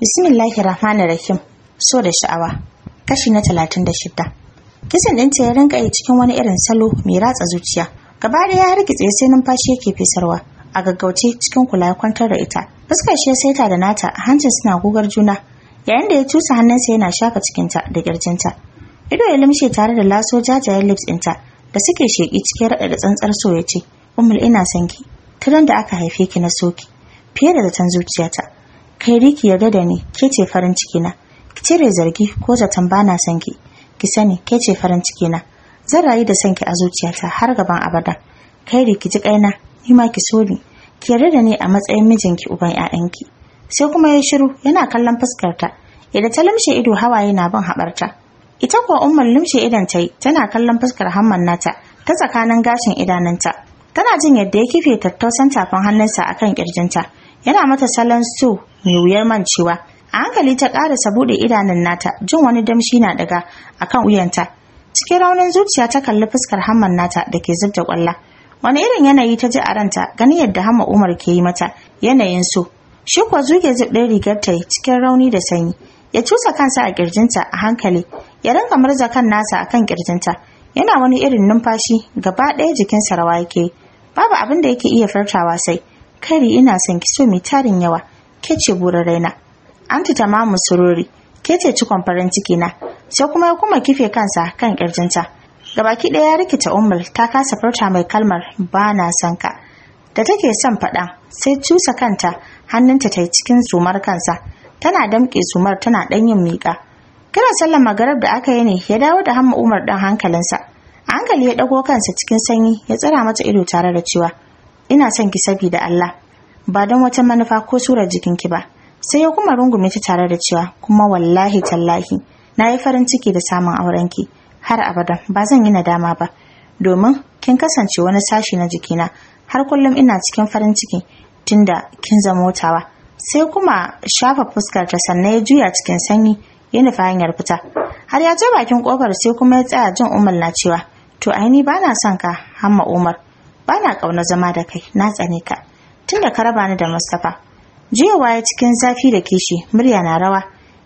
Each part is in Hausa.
Bismillahir Rahmanir Rahim. So da sha'awa. Kashi na 36. Kisan ɗinta ya rinka yi cikin wani irin salo mai ratsa zuciya. Gaba da ya hargitse sai numfashi yake fesarwa. A gaggauce cikin kula ya kwantar da ita. Fuskar shi sai ta da nata a hancin suna gugar juna. Yayin da ya tusa hannunsa yana shaka cikinta da ta Ido ya limshe tare da laso jajayen lips ɗinta da suke sheki cikin raɗa da tsantsar so ya ce, "Ummul ina son ki, turan da aka haife ki na soki, fiye da zaton zuciyata." kai riki ki yarda da ni ke ce farin ciki na ki cire zargi ko zaton bana son ki ki sani ke ce farin ciki na zan rayu da son ki a zuciyata har gaban abada kai riki ji kaina ni ma ki so ni ki yarda da ni a matsayin mijinki uban ƴaƴanki sai kuma ya shiru yana kallon fuskarta yadda ta lumshe ido hawaye na bin haɓarta ita kuwa umar lumshe idan ta yi tana kallon fuskar hamman nata ta tsakanin gashin idanunta tana jin yadda ya kife tattausan tafin hannunsa akan kirjinta yana mata salon su mai wuyar mancewa a hankali ta karasa buɗe idanun nata jin wani damshi na daga akan wuyanta cikin raunin zuciya ta kalli fuskar hamman nata da ke zub da kwalla wani irin yanayi ta ji a ranta gani yadda hamma umar ke yi mata yanayin su shi kuwa zuge zub ɗin rigar ta cikin rauni da sanyi ya cusa kansa a ƙirjinta a hankali ya rinka murza kan nasa a kan ƙirjinta. yana wani irin numfashi gaba ɗaya jikinsa rawa yake babu abin da yake iya furtawa sai kari ina son ki so mai tarin yawa ke ce buraraina anti tamamu sururi ke ce cikon farin ciki na sai kuma ya kuma kife kansa kan kirjinta gabaki ɗaya ya rikita umar ta kasa furta mai kalmar ba na son ka da take son faɗa sai cusa kanta hannunta ta yi cikin sumar kansa tana damƙe sumar tana ɗan yin miƙa kiran sallar magarab da aka yi ne ya dawo da hamma umar ɗan hankalinsa a hankali ya ɗago kansa cikin sanyi ya tsira mata ido tare da cewa ina son ki sabida Allah ba don wata manufa ko surar ki ba sai ya kuma rungume ta tare da cewa kuma wallahi tallahi na yi farin ciki da samun aurenki har abada ba zan yi nadama ba domin kin kasance wani sashi na jikina har kullum ina cikin farin ciki tunda kin zama wutawa sai kuma shafa fuskar ta sannan ya juya cikin sanyi ya nufa hanyar fita har ya je bakin kofar sai kuma ya tsaya jin umar na cewa to aini ba na son ka hamma umar ba na zama da kai na tsane ka tunda ka raba ni da Mustapha. Jiya waye cikin zafi da kishi, murya na rawa.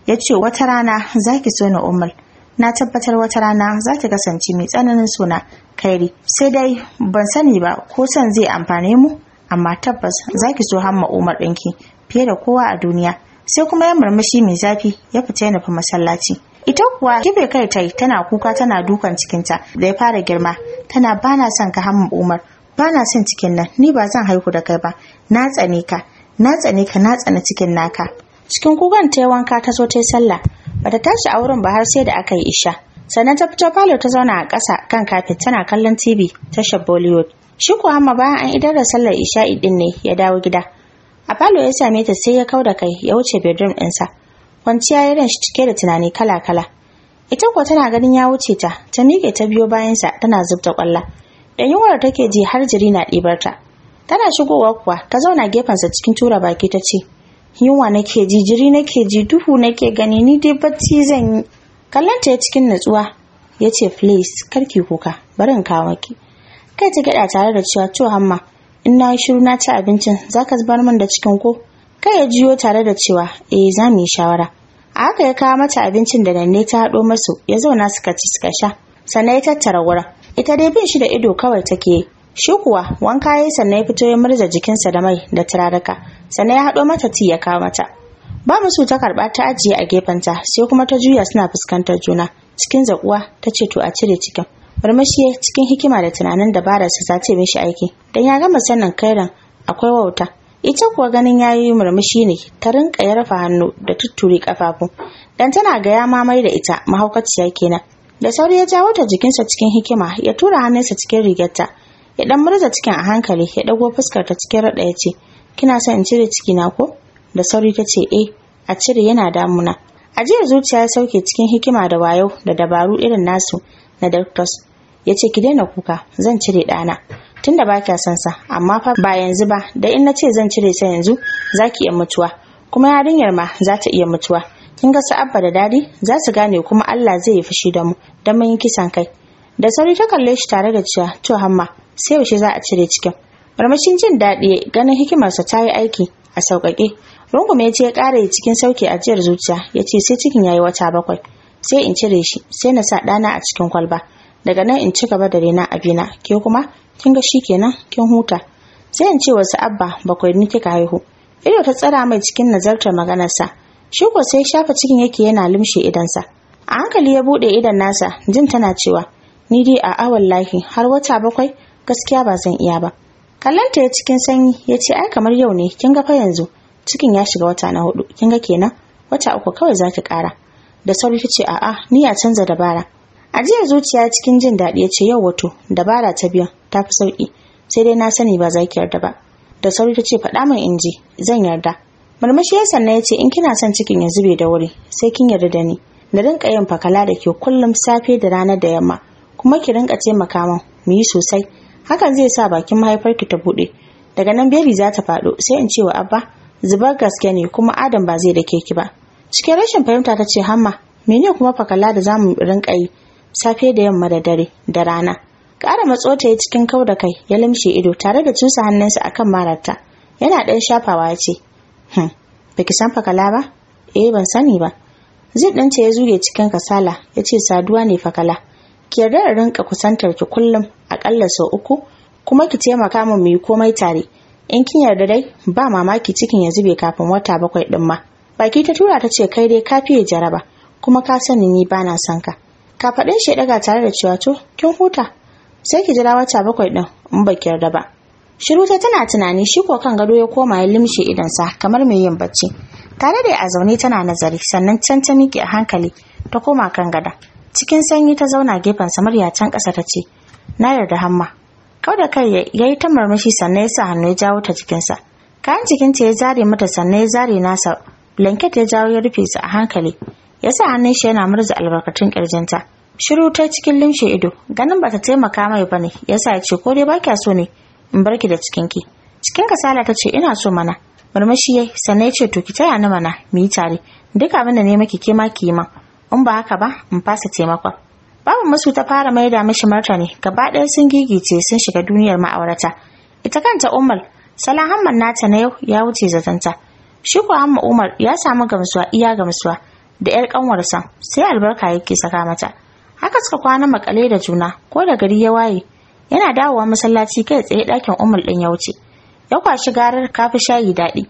Ya ce wata rana za ki so na Umar. Na tabbatar wata rana za ta kasance mai tsananin suna kairi. Sai dai ban sani ba ko son zai amfane mu, amma tabbas za ki so hamma Umar ɗinki fiye da kowa a duniya. Sai kuma ya murmushi mai zafi ya fita ya nufi masallaci. Ita kuwa kife kai tai tana kuka tana dukan cikinta da ya fara girma. Tana bana son ka hamma Umar. ba na son cikin nan ni ba zan haihu da kai ba na tsane ka na tsane ka na tsane cikin naka cikin kukan ta wanka ta zo ta yi sallah Ba ta tashi a wurin ba har sai da aka yi isha sannan ta fito falo ta zauna a ƙasa kan kafin tana kallon tv tashar bollywood shi kuwa ma bayan an idar da sallar isha'i din ne ya dawo gida a falo ya same ta sai ya kau da kai ya wuce bedroom ɗinsa kwanciya ya shi cike da tunani kala kala ita kuwa tana ganin ya wuce ta ta miƙe ta biyo bayansa tana zubta ƙwalla da yunwar take ji har jiri na ta, tana shigowa kuwa ta zauna gefensa cikin tura baki ta ce yunwa nake ji jiri nake ji duhu nake gani ni dai bacci zan yi kallanta ya cikin natsuwa ya ce please karki kuka bari in kawo ki kai ta gyaɗa tare da cewa to hamma in na shiru na ci abincin za ka bar min da cikin ko kai ya jiyo tare da cewa eh za mu yi shawara a haka ya kawo mata abincin da nanne ta haɗo masu ya zauna suka ci suka sha sannan ya tattara wurin ita dai bin shi da ido kawai take shi kuwa wanka ya sannan ya fito ya murza jikinsa da mai da turaruka sannan ya haɗo mata ti ya kawo mata ba su ta karɓa ta ajiye a gefenta sai kuma ta juya suna fuskantar juna cikin zaƙuwa ta ce to a cire cikin murmushi cikin hikima da tunanin dabararsa za ta mishi aiki Dan ya gama sanin kairan akwai wauta ita kuwa ganin ya murmushi ne ta rinka ya rufe hannu da tutture kafafu dan tana ga ya mamai da ita mahaukaciya kenan da sauri ya jawo ta jikinsa cikin hikima ya tura hannunsa cikin rigarta ya dan murza cikin a hankali ya dago fuskar ta cikin rada ya ce kina son in cire ciki na ko da sauri ta ce eh a cire yana damuna A ajiyar zuciya ya sauke cikin hikima da wayo da dabaru irin nasu na doctors ya ce ki daina kuka zan cire ɗana tunda ba kya son sa amma fa ba yanzu ba da in na ce zan cire sa yanzu za ki iya mutuwa kuma yarinyar ma za ta iya mutuwa kin ga su abba da dadi za su gane kuma Allah zai yi fushi da mu dan mun yi kisan kai da sauri ta kalle shi tare da cewa to hamma sai yaushe za a cire cikin marmashin jin daɗi ganin hikimarsa ta yi aiki a sauƙaƙe rungume ya ce ya ƙara cikin sauki jiyar zuciya ya ce sai cikin ya yi wata bakwai sai in cire shi sai na sa ɗana a cikin kwalba daga nan in ci gaba da rena bina, ke kuma kin ga shi kenan kin huta sai in ce wasu abba bakwai ni kika haihu ido ta tsara mai cikin nazartar maganarsa shi ko sai shafa cikin yake yana lumshe idansa a hankali ya bude idan nasa jin tana cewa ni dai a wallahi, lahi har wata bakwai gaskiya ba zan iya ba kallanta ya cikin sanyi ya ce ai kamar yau ne kin ga fa yanzu cikin ya shiga wata na hudu kin ga kenan wata uku kawai zaki kara da sauri ta ce a'a ni a canza dabara ajiyar zuciya cikin jin daɗi ya ce yau wato dabara ta biyan ta fi sauki sai dai na sani ba za ki yarda ba da sauri ta ce faɗa min in ji zan yarda murmushi ya sannan ya ce in kina son cikin ya zube da wuri sai kin yarda da ni na rinka yin fakala da ke kullum safe da rana da yamma kuma ki rinka taimaka min mu yi sosai hakan zai sa bakin mahaifarki ta bude daga nan bebi za ta faɗo sai in ce wa abba zubar gaske ne kuma adam ba zai dake ki ba cikin rashin fahimta ta ce hamma mene kuma fakala da zamu mu rinka yi safe da yamma da dare da rana ƙara matso ta cikin kau da kai ya limshe ido tare da cusa hannunsa akan mararta yana ɗan shafawa ya ce Hmm. baki san fakala ba eh ban sani ba zai ɗanta ce ya zuge cikin kasala ya ce saduwa ne fakala ki yarda da rinka kusantar ki kullum aƙalla sau uku kuma ki taimaka min mu yi komai tare in kin yarda dai ba mamaki cikin ya zube kafin wata bakwai ɗin ma baki ta tura ta ce kai dai ka fiye jaraba kuma ka sani ni ba na son ka ka faɗin shi ɗaga tare da cewa to kin huta sai ki jira wata bakwai ɗin in ba ki yarda ba shiru ta tana tunani shi ko kan gado ya koma ya limshe idonsa kamar mai yin bacci tare da a zaune tana nazari sannan can ta miƙe a hankali ta koma kan gada cikin sanyi ta zauna gefen murya can ƙasa ta ce na yarda hamma kau da kai ya yi ta murmushi sannan ya sa hannu ya jawo ta jikinsa kayan jikinta ya zare mata sannan ya zare nasa blanket ya jawo ya rufe su a hankali ya sa hannun shi yana murza albarkatun ƙirjinta shiru ta cikin limshe ido ganin ba ta taimaka mai bane ya sa ya ce ko dai ba kya so ne in bar ki da cikinki cikin kasala ta ce ina so mana murmushi yayi sannan ya ce to ki taya ni mana mu yi tare duk abin da ne maki ke ma ki yi man in ba haka ba in fasa taimakon babu musu ta fara maida mishi martani gaba ɗaya sun gigice sun shiga duniyar ma'aurata ita kanta umar salon hamman nata na yau ya wuce zatanta shi ko hamma umar ya samu gamsuwa iya gamsuwa da yar kanwarsa sai albarka yake saka mata haka suka kwana makale da juna ko da gari ya waye yana dawowa masallaci kai tsaye dakin umar ɗin ya wuce ya kwashi garar kafi shayi daɗi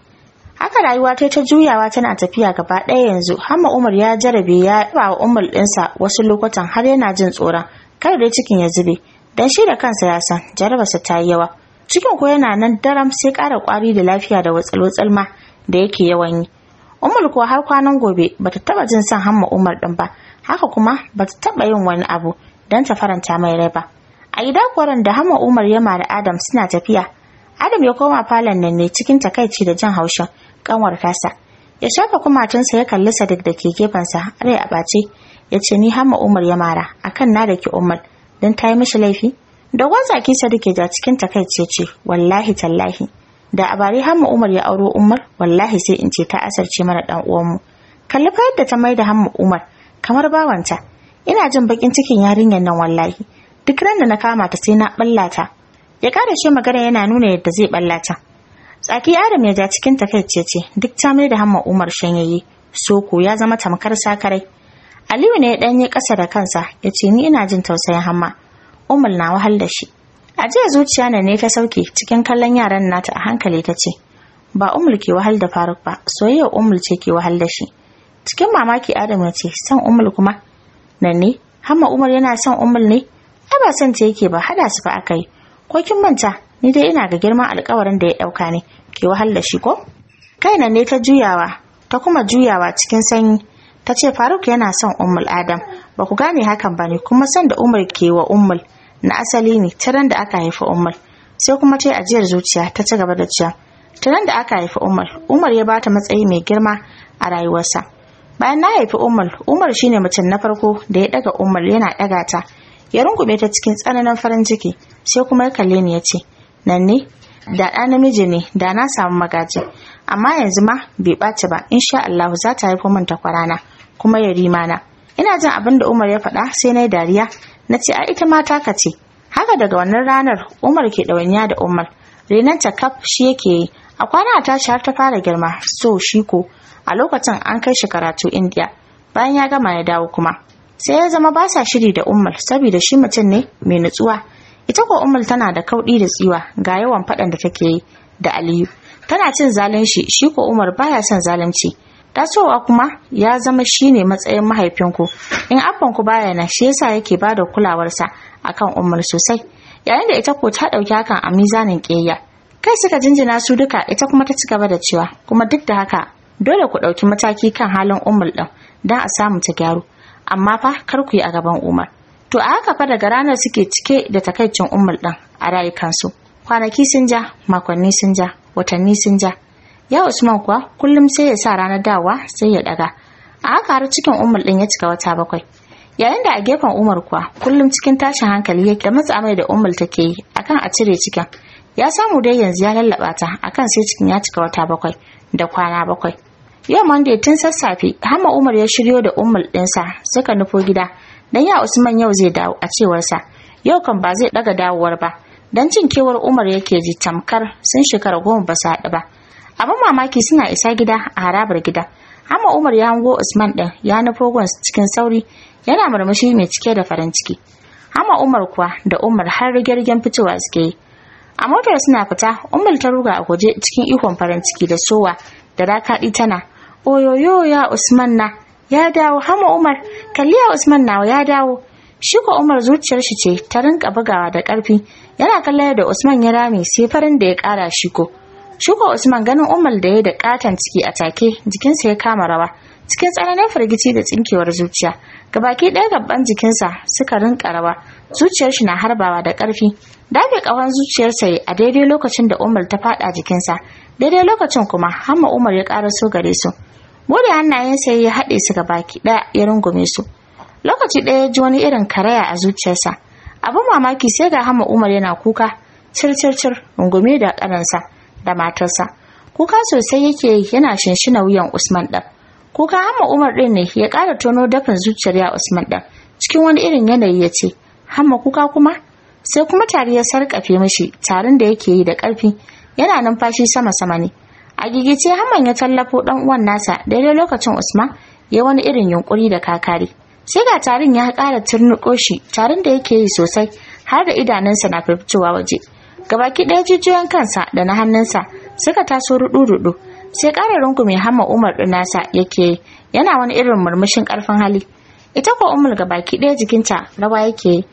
haka rayuwa ta ta juyawa tana tafiya gaba ɗaya yanzu hamma umar ya jarabe ya ba wa umar ɗinsa wasu lokutan har yana jin tsoron kai dai cikin ya zube dan shi da kansa ya san jarabarsa ta yi yawa cikin ko yana nan daram sai ƙara ƙwari da lafiya da watsal-watsal ma da yake yawan yi umar kuwa har kwanan gobe bata taɓa jin son hamma umar ɗin ba haka kuma bata taɓa yin wani abu don ta faranta mai rai ba a gida kwaran da hama umar ya mara adam suna tafiya adam ya koma falon nan ne cikin takaici da jan haushin kanwar kasa ya shafa kumatunsa ya kalli sadik da ke gefensa rai a ɓace ya ce ni hama umar ya mara akan na da ke umar don ta yi mishi laifi da zakin sadik ya ja cikin takaici ce wallahi tallahi da a bari hamma umar ya auro umar wallahi sai in ce ta asarce mana dan uwanmu kalli fa yadda ta maida hamma umar kamar bawanta ina jin bakin cikin yarinyar nan wallahi duk ran da na kama ta sai na ballata ya kare shi magana yana nuna yadda zai ballata tsaki adam ya ja cikin takaice ce duk ta mai da hamma umar shanyaye soko ya zama tamkar sakarai aliyu ne ya danye kasa da kansa ya ce ni ina jin tausayin hamma umar na wahal da shi a jiya zuciya na ne ta sauke cikin kallon yaran nata a hankali ta ce ba umar ke wahal da faruk ba soyayyar umar ce ke wahal da shi cikin mamaki adam ya ce son umar kuma nan ne hamma umar yana son umar ne ta ba son ta yake ba hada su fa akai ko kin manta ni dai ina ga girman alƙawarin da ya dauka ne ke wahala shi ko kaina ne ta juyawa ta kuma juyawa cikin sanyi ta ce faruk yana son ummul adam ba ku gane hakan ba ne kuma san da umar ke wa ummul na asali ne ta da aka haifi ummul sai kuma ta yi ajiyar zuciya ta ci gaba da cewa tiran da aka haifi ummul umar ya bata matsayi mai girma a rayuwarsa bayan na haifi ummul umar shine mutum na farko da ya daga ummul yana daga ta ya rungume ta cikin tsananin farin ciki sai kuma ya kalle ni ya ce nan ne da ɗa namiji ne da na samu magaji amma yanzu ma bai ɓaci ba insha Allah za ta haifo min ta na, kuma ya rima na ina jin abin da Umar ya faɗa sai na yi dariya na ce a ita ma ka ce haka daga wannan ranar Umar ke ɗawanya da Umar ta kaf shi yake yi a kwana a tashi har ta fara girma so shi ko a lokacin an kai shi karatu Indiya bayan ya gama ya dawo kuma sai ya zama ba sa shiri da Umar saboda shi mutum ne mai nutsuwa ita ko Umar tana da kauɗi da tsiwa ga yawan faɗan da take yi da aliyu tana cin zalunci shi ko umar baya son zalunci tasowa kuma ya zama shi ne matsayin mahaifinku in abbanku baya na shi yasa yake ba da kulawarsa akan Umar sosai yayin da ita ko ta ɗauki hakan a mizanin ƙeya kai suka jinjina su duka ita kuma ta ci gaba da cewa kuma duk da haka dole ku ɗauki mataki kan halin Umar ɗin don a samu ta gyaru amma fa kar ku yi a gaban Umar to a haka fa daga ranar suke cike da takaicin Umar ɗin a rayukansu kwanaki sun ja makonni sun ja watanni sun ja ya Usman kuwa kullum sai ya sa ranar dawa sai ya ɗaga a haka har cikin Umar ɗin ya cika wata bakwai yayin da a gefen Umar kuwa kullum cikin tashin hankali yake da matsa mai da Umar take yi akan a cire cikin ya samu dai yanzu ya lallaba ta akan sai cikin ya cika wata bakwai da kwana bakwai yau monday tun sassafe hama umar ya shiryo da umar ɗinsa suka nufo gida dan ya usman yau zai dawo a cewarsa yau kan ba zai daga dawowar ba dan cin kewar umar yake ji tamkar sun shekara goma ba su haɗu ba abin mamaki suna isa gida a harabar gida hama umar ya hango usman ɗin ya nufo gun cikin sauri yana murmushi mai cike da farin ciki hama umar kuwa da umar har rigirgen fitowa suke yi a motar suna fita umar ta ruga a guje cikin ikon farin ciki da sowa da rakaɗi tana oyoyo ya usman na ya dawo hama umar kalli ya usman nawa ya dawo shi ko umar zuciyar shi ce ta rinka bugawa da karfi yana kallon da usman ya rame sai farin da ya ƙara shi ko shi ko usman ganin umar da ya da katon ciki a take jikinsa ya kama rawa cikin tsananin firgici da tsinkewar zuciya gabaki ɗaya gaban jikinsa suka rinka rawa zuciyar shi na harbawa da ƙarfi dage ƙawan zuciyarsa a daidai lokacin da umar ta faɗa jikinsa daidai lokacin kuma hamma umar ya ƙara so gare su bude hannayensa ya haɗe su ga baki ɗaya ya rungume su lokaci ɗaya ya ji wani irin karaya a zuciyarsa abin mamaki sai ga hamma umar yana kuka cir-cir-cir rungume da ƙaransa da matarsa kuka sosai yake yana shinshina wuyan usman ɗan kuka hamma umar ɗin ne ya ƙara tono dafin zuciyar ya usman ɗan cikin wani irin yanayi ya ce hamma kuka kuma sai kuma tari ya sarƙafe mishi tarin da yake yi da ƙarfi yana numfashi sama sama ne a gigice hamman ya tallafo dan uwan nasa daidai lokacin usman ya wani irin yunkuri da kakari sai ga tarin ya ƙara turnuƙo shi tarin da yake yi sosai har da idanunsa na firfitowa waje gabaki ɗaya jijiyoyin kansa da na hannunsa suka taso ruɗu-ruɗu sai ƙara rungume hamma umar ɗin nasa yake yi yana wani irin murmushin ƙarfin hali ita ko umar gabaki ɗaya jikinta rawa yake yi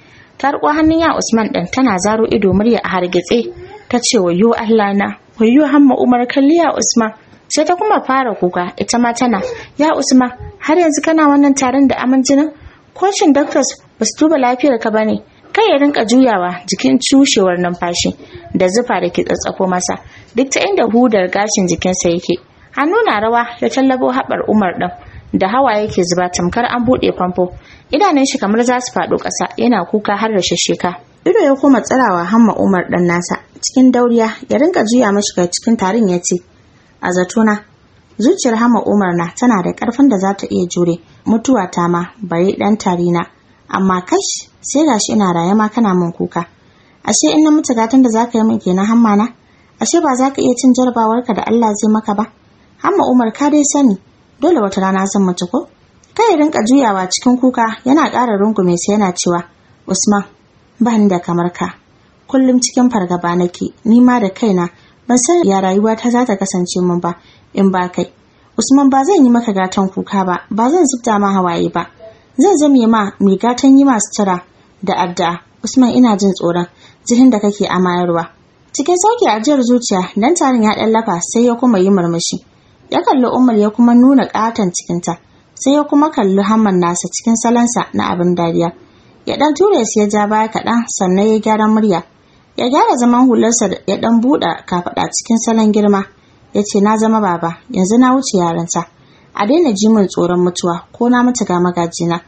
ta riko hannun ya Usman ɗin tana zaro ido murya a hargitse ta ce wayo Allah na wayo hamma Umar ya Usman sai ta kuma fara kuka ita ma tana ya Usman har yanzu kana wannan tarin da aman jinin kocin doctors ba duba lafiyar ka bane kai ya rinka juyawa jikin cushewar numfashi da zufa da ke tsatsako masa duk ta inda hudar gashin jikinsa yake hannu na rawa ya tallabo haɓar Umar ɗin da hawa yake zuba tamkar an buɗe famfo idanun shi kamar za su faɗo ƙasa yana kuka har da shesheka ido ya koma tsarawa hamma umar ɗan nasa cikin dauriya ya rinka juya mashi ga cikin tarin ya ce a zatuna zuciyar hamma umar na tana da ƙarfin da za ta iya jure mutuwa ta ma bari ɗan tari na. amma Kai sai gashi ina raye ma kana min kuka ashe in na mutu gatan da za ka yi min kenan hamma na ashe ba za ka iya cin jarabawarka da Allah zai maka ba hamma umar ka dai sani dole wata rana zan mutu ko kai rinka juyawa cikin kuka yana ƙara rungume sai yana cewa usman ba ni da kamar ka kullum cikin fargaba nake ni ma da kaina ban san ya rayuwa ta za ta kasance min ba in ba kai usman ba zan yi maka gatan kuka ba ba zan zubta ma hawaye ba zan zame ma mai gatan yi masu tara da addu'a usman ina jin tsoron jihin da kake amayarwa cikin sauki ajiyar zuciya dan tarin ya ɗan lafa sai ya kuma yi murmushi ya kalli umar ya kuma nuna katon cikinta sai ya kuma kalli hamman nasa cikin salansa na abin dariya ya dan ture su ya ja baya kaɗan sannan ya gyara murya ya gyara zaman hularsa ya dan buɗe kafaɗa cikin salon girma ya ce na zama baba yanzu na wuce yaranta a daina ji min tsoron mutuwa ko na mutu ga magajina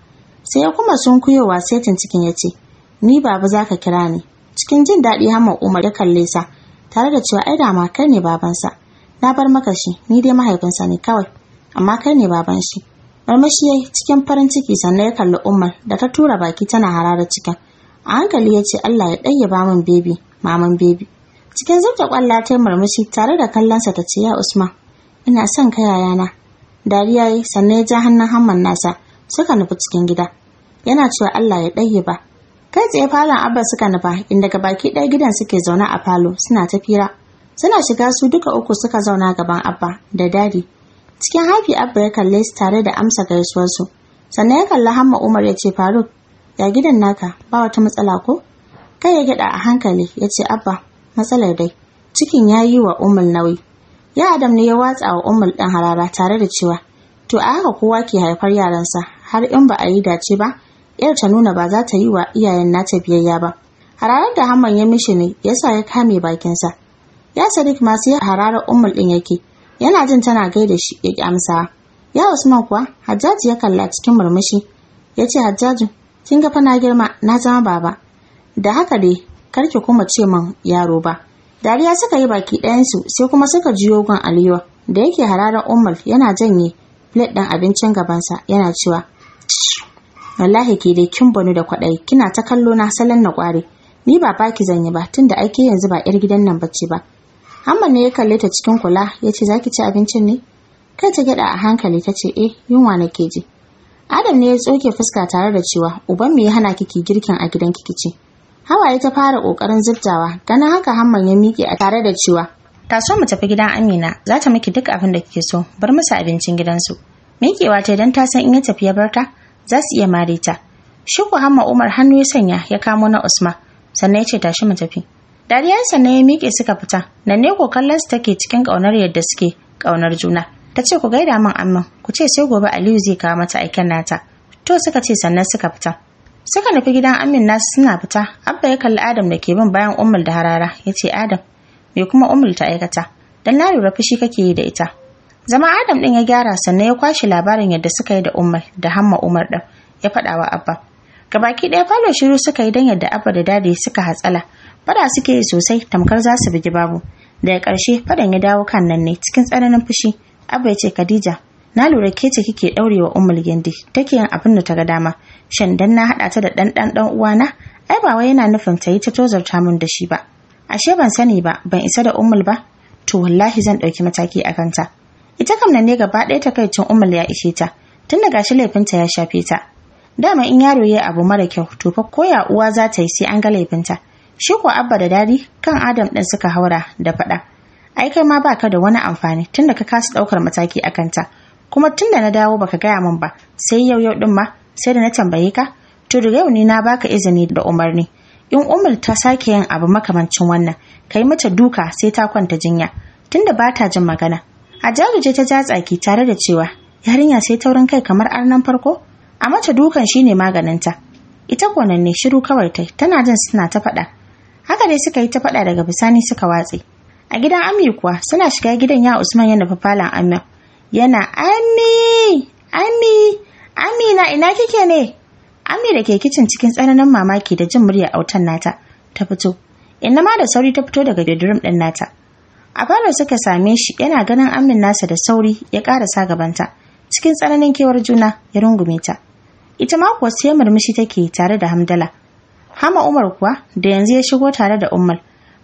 sai ya kuma sun sai setin cikin ya ni baba zaka kira ni cikin jin daɗi hamman umar ya kalle sa tare da cewa ai dama kai ne babansa na bar maka shi ni dai mahaifinsa ne kawai amma kai ne baban shi marmashi yayi cikin farin ciki sannan ya kalli Umar da ta tura baki tana hararar cikin a hankali ya ce Allah ya ɗaya min bebi maman bebi cikin zubta kwalla ta marmashi tare da kallonsa ta ce ya Usman ina son ka yayana dariya yi sannan ya ja hannun hamman nasa suka nufi cikin gida yana cewa Allah ya ba. kai tsaye falon abba suka nufa inda ga baki ɗaya gidan suke zaune a falo suna ta fira suna shiga su duka uku suka zauna gaban abba da dadi cikin haifi abba ya kalle su tare da amsa gaisuwarsu sannan ya kalli hamma umar ya ce faruk ya gidan naka ba wata matsala ko kai ya gyaɗa a hankali ya ce abba matsalar dai cikin ya yi wa umar nauyi ya adam ne ya watsa wa umar ɗin harara tare da cewa to a haka kowa ke haifar yaransa har in ba a yi dace ba yar ta nuna ba za ta yi wa iyayen nata biyayya ba hararar da hamman ya mishi ne ya sa ya kame bakinsa ya sadiq masu ya harara ummul din yake yana jin tana gaida shi ya ki amsa ya usman kuwa hajjaji ya kalla cikin murmushi ya ce hajjaji kin ga fa na girma na zama baba da haka dai kar ki kuma ce man yaro ba dariya suka yi baki ɗayansu sai kuma suka jiyo gun aliyu da yake hararar Umar, yana janye plate ɗin abincin gabansa yana cewa wallahi ke dai kin Bani da kwaɗayi kina ta kallo na salon na kware ni ba baki zanyi ba tunda aike yanzu ba 'yar gidan nan bace ba Hamman ne ya kalle ta cikin kula ya ce za ki ci abincin ne? Kai ta gyaɗa a hankali ta ce eh yunwa na ke ji. Adam ne ya tsoke fuska tare da cewa uban mu ya hana kiki girkin a gidan kiki ce. ya ta fara ƙoƙarin zubtawa ganin haka Hamman ya miƙe a tare da cewa ta so mu tafi gidan Amina za ta miki duk abin da kike so bar musu abincin gidansu. Miƙewa ta idan ta san in ya tafi ya barta za su iya mare ta. Shuku Hamma Umar hannu ya sanya ya kamo na Usman sannan ya ce tashi mu tafi. dariyarsa na ya miƙe suka fita na ne ko kallon su take cikin ƙaunar yadda suke ƙaunar juna ta ce ku gaida min amman ku ce sai gobe aliyu zai kawo mata aiken nata to suka ce sannan suka fita suka nufi gidan amin nasu suna fita abba ya kalli adam da ke bin bayan umul da harara ya ce adam me kuma umul ta aikata dan na lura fushi kake yi da ita zama adam ɗin ya gyara sannan ya kwashe labarin yadda suka yi da umar da hamma umar ɗin, ya faɗawa wa abba gabaki ɗaya falo shiru suka yi don yadda abba da dadi suka hatsala fada suke yi sosai tamkar za su bugi babu daga ƙarshe fadan ya dawo kan nan ne cikin tsananin fushi abba ya ce khadija na lura ke ce kike ɗaurewa Umar gindi take yin abin da ta ga dama shan dan na haɗa ta da ɗan ɗan ɗan uwana ai ba wai yana nufin ta yi ta tozarta min da shi ba ashe ban sani ba ban isa da Umar ba to wallahi zan ɗauki mataki a kanta ita kam nan ne gaba ɗaya takaicin Umar ya ishe ta tun da gashi laifinta ya shafe ta dama in yaro ya abu mara kyau to fa koya uwa za ta yi sai an ga laifinta shi ko abba da dadi kan adam ɗin suka haura da faɗa ai kai ma baka da wani amfani tunda ka kasa ɗaukar mataki a kanta kuma tunda na dawo baka gaya min ba sai yau yau ɗin ma sai da na tambaye ka to daga yau ne na baka izini da umarni in umar ta sake yin abu makamancin wannan kai mata duka sai ta kwanta jinya tunda ba ta jin magana a jaruje ta ja tsaki tare da cewa yarinya sai taurin kai kamar arnan farko a mata dukan shine maganinta ita gwananne shiru kawai tai tana jin suna ta faɗa haka dai suka yi ta faɗa daga bisani suka watse a gidan ami kuwa suna shiga gidan ya usman yana fafalan ami yana ami ami amina ina kike ne ami da ke kicin cikin tsananin mamaki da jin muryar autan nata ta fito inna ma da sauri ta fito daga bedroom ɗin nata a fara suka same shi yana ganin amin nasa da sauri ya karasa gabanta cikin tsananin kewar juna ya rungume ta ita ma kuwa sai murmushi take tare da hamdala Hama Umar kuwa da yanzu ya shigo tare da Ummal.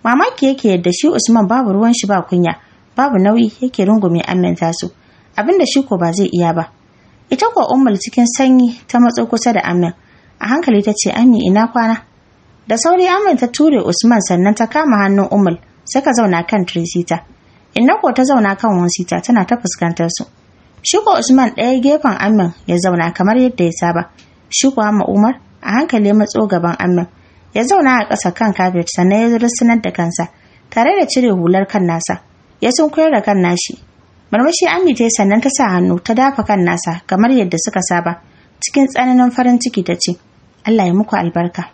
Mamaki yake yadda shi Usman babu ruwan shi ba kunya, babu nauyi yake rungume aminta su. Abinda shi ko ba zai iya ba. Ita kuwa Umar cikin sanyi ta matso kusa da Amin. A hankali ta ce Ami ina kwana. Da sauri Amin ta ture Usman sannan ta kama hannun sai saka zauna kan Tresita. Inna ko ta zauna kan Wansita tana ta fuskantar su. Shi ko Usman ɗaya gefen Amin ya zauna kamar yadda ya saba. Shi ko Umar a hankali matso gaban amin ya zauna a ƙasa kan kafet sannan ya rusunar da kansa tare da cire hular kan nasa ya sunkuyar da kan nashi marmashi ami ta sannan ta sa hannu ta dafa kan nasa kamar yadda suka saba cikin tsananin farin ciki ta ce Allah ya muku albarka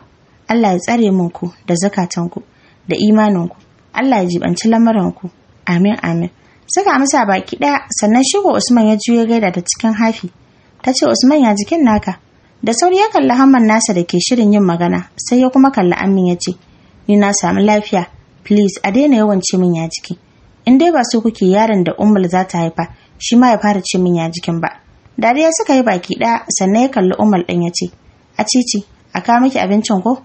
Allah ya tsare muku da zakatanku da imaninku Allah ya jibanci ku, amin amin suka amsa baki ɗaya sannan shigo Usman ya juyo gaida ta cikin hafi ta ce Usman ya jikin naka da sauri ya kalli hamman nasa da ke shirin yin magana sai ya kuma kalli amin ya ce ni na samu lafiya please a daina yawan ce min ya jiki in dai ba su kuke yaron da Umar za ta haifa shi ma ya fara ce min ya jikin ba dariya suka yi baki ɗaya sannan ya kalli Umar ɗin ya ce a cici a kawo miki abincin ko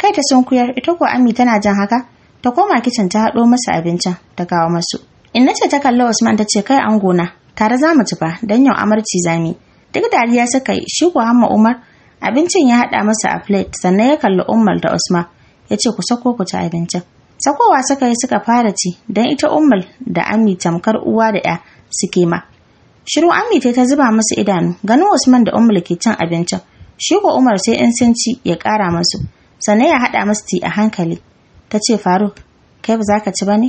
kai ta sunkuyar ita ko ami tana jan haka ta koma kicin ta haɗo masa abincin ta kawo masu in ce ta kalli usman ta ce kai an gona tare za mu ci fa don yau amarci zami duk dariya suka yi shi kuwa hamma umar abincin ya haɗa masa a plate sannan ya kalli umar da Usman, ya ce ku sako ku ci abincin sakowa suka yi suka fara ci don ita umar da ami tamkar uwa da ya suke ma shiru ami ta zuba masu idanu ganin usman da umar ke cin abincin shi ko umar sai in sun ci ya ƙara masu sannan ya haɗa masu ti a hankali ta ce faruk kai ba za ka ci ba ne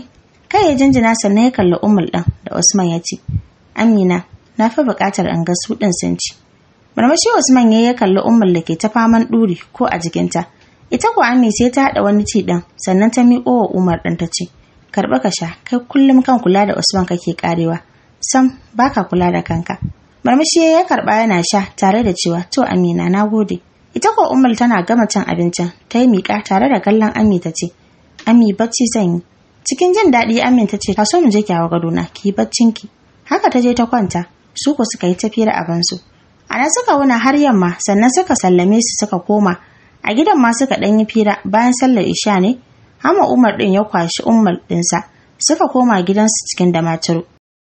kai ya jinjina sannan ya kalli umar ɗin da usman ya ce amina na fi buƙatar in ga su ɗin sun ci marmashi usman ya kalli umar da ke ta faman ɗuri ko a jikinta ita ko anni sai ta haɗa wani ci ɗin sannan ta miƙo wa umar ɗin ta ce karɓi ka sha kai kullum kan kula da usman kake karewa sam baka kula da kanka marmashi ya karɓa yana sha tare da cewa to amina na gode ita ko umar tana gama cin abincin ta yi miƙa tare da kallon ami ta ce ami bacci zan yi cikin jin daɗi amin ta ce ka so mu je kyawa na. ki yi baccinki haka ta je ta kwanta su ku suka yi tafiyar abansu a nan suka wuna har yamma sannan suka sallame su suka koma a gidan ma suka ɗan yi fira bayan sallar isha ne hama umar ɗin ya kwashi umar ɗinsa suka koma gidansu cikin damaturu